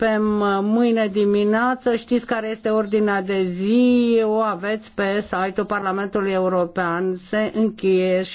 începem uh, mâine dimineață. Știți care este ordinea de zi, o aveți pe site-ul Parlamentului European. Se încheie